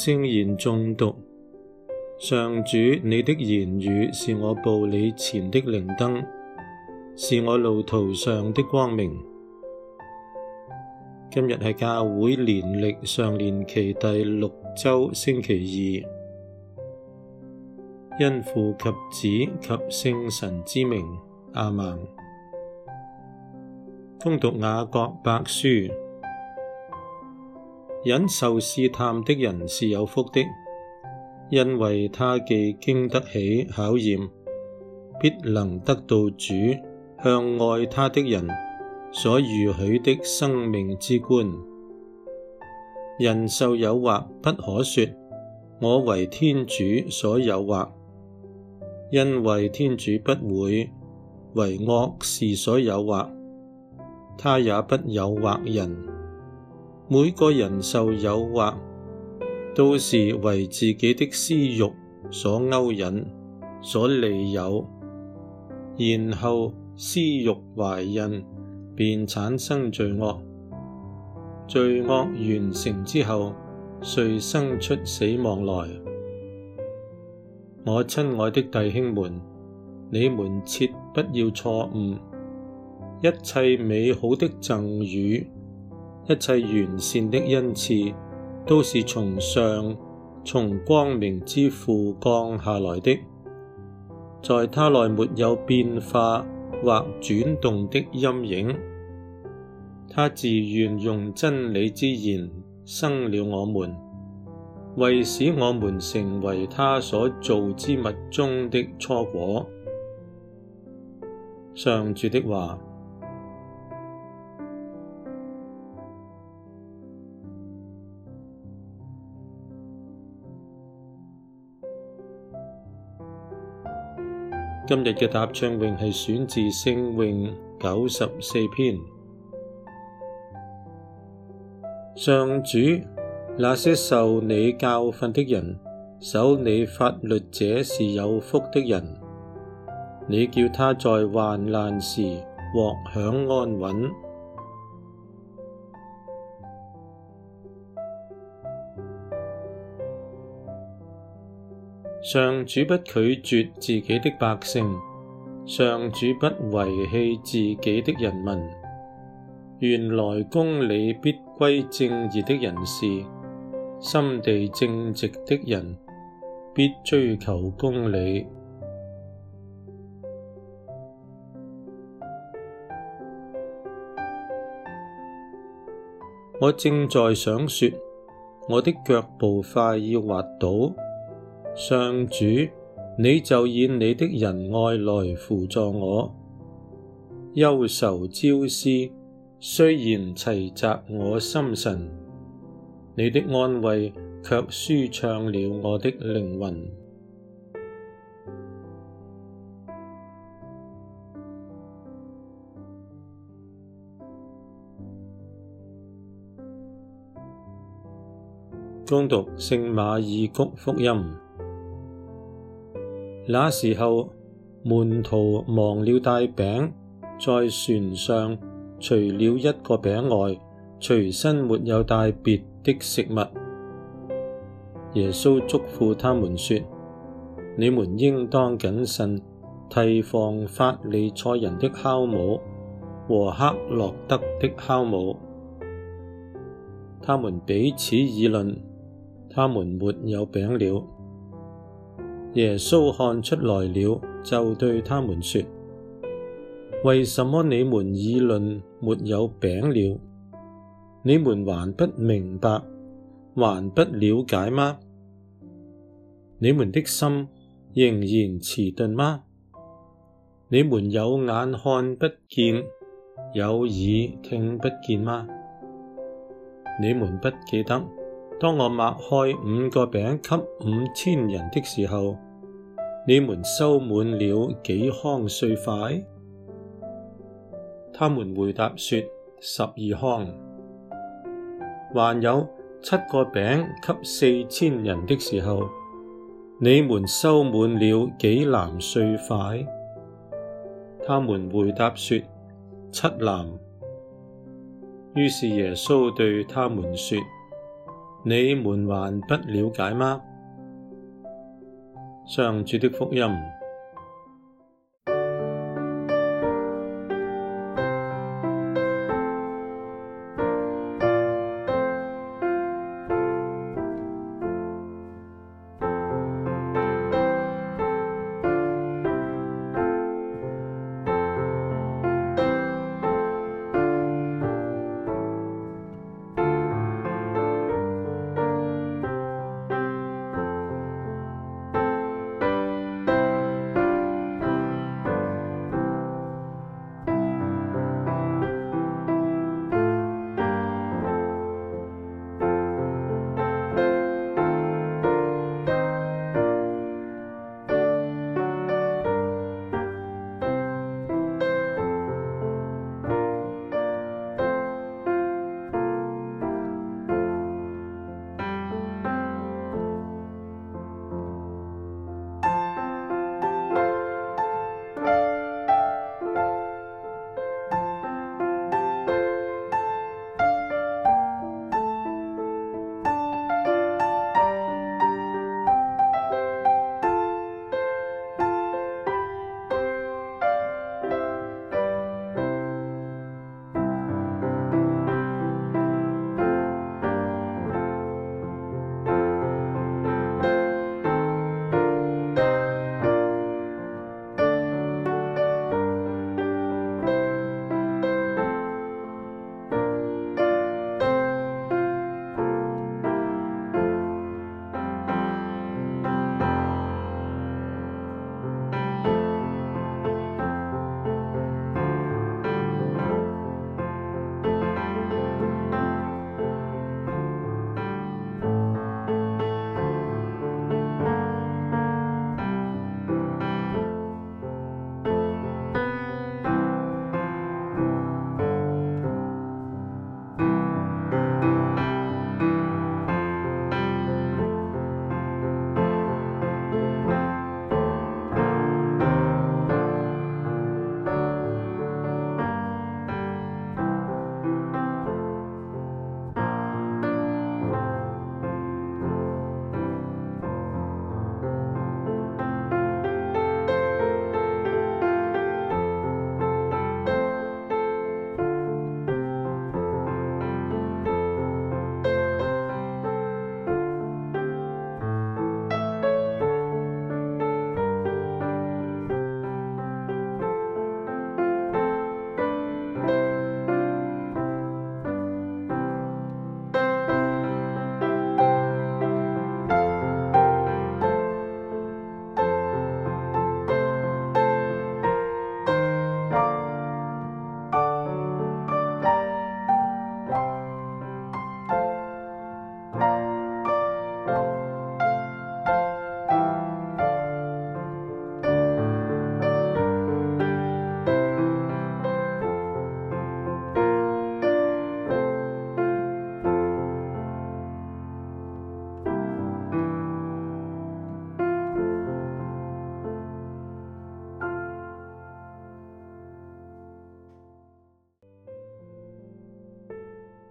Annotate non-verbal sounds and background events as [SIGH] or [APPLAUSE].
聖言中毒，上主，你的言語是我步你前的靈燈，是我路途上的光明。今日係教會年曆上年期第六周星期二，因父及子及聖神之名，阿門。通讀雅各白書。忍受試探的人是有福的，因為他既經得起考驗，必能得到主向愛他的人所預許的生命之冠。人受誘惑不可說，我為天主所誘惑，因為天主不會為惡事所誘惑，他也不誘惑人。每個人受誘惑，都是為自己的私慾所勾引，所餌誘，然後私慾懷孕，便產生罪惡。罪惡完成之後，遂生出死亡來。我親愛的弟兄們，你們切不要錯誤，一切美好的贈與。一切完善的恩賜，都是從上，從光明之父降下來的，在他內沒有變化或轉動的陰影，他自願用真理之言生了我們，為使我們成為他所造之物中的初果。上主的話。今日嘅答唱詠係選自聖詠九十四篇。上主，那些受你教訓的人，守你法律者是有福的人，你叫他在患難時獲享安穩。上主不拒絕自己的百姓，上主不遺棄自己的人民。原來公理必歸正義的人士，心地正直的人，必追求公理。 [MUSIC] 我正在想說，我的腳步快要滑倒。上主，你就以你的仁愛來扶助我，憂愁焦思雖然齊集我心神，你的安慰卻舒暢了我的靈魂。恭讀聖馬爾谷福音。那時候門徒忘了帶餅，在船上除了一個餅外，隨身沒有帶別的食物。耶穌囑咐他們說：你們應當謹慎，提防法利賽人的酵母和黑落德的酵母。他們彼此議論：他們沒有餅了。耶穌看出來了，就對他們說：為什麼你們議論沒有餅了？你們還不明白，還不了解嗎？你們的心仍然遲鈍嗎？你們有眼看不見，有耳聽不見嗎？你們不記得？當我擘開五個餅給五千人的時候，你們收滿了幾筐碎塊？他們回答說：十二筐。還有七個餅給四千人的時候，你們收滿了幾籃碎塊？他們回答說：七籃。於是耶穌對他們說。你們還不了解嗎？上主的福音。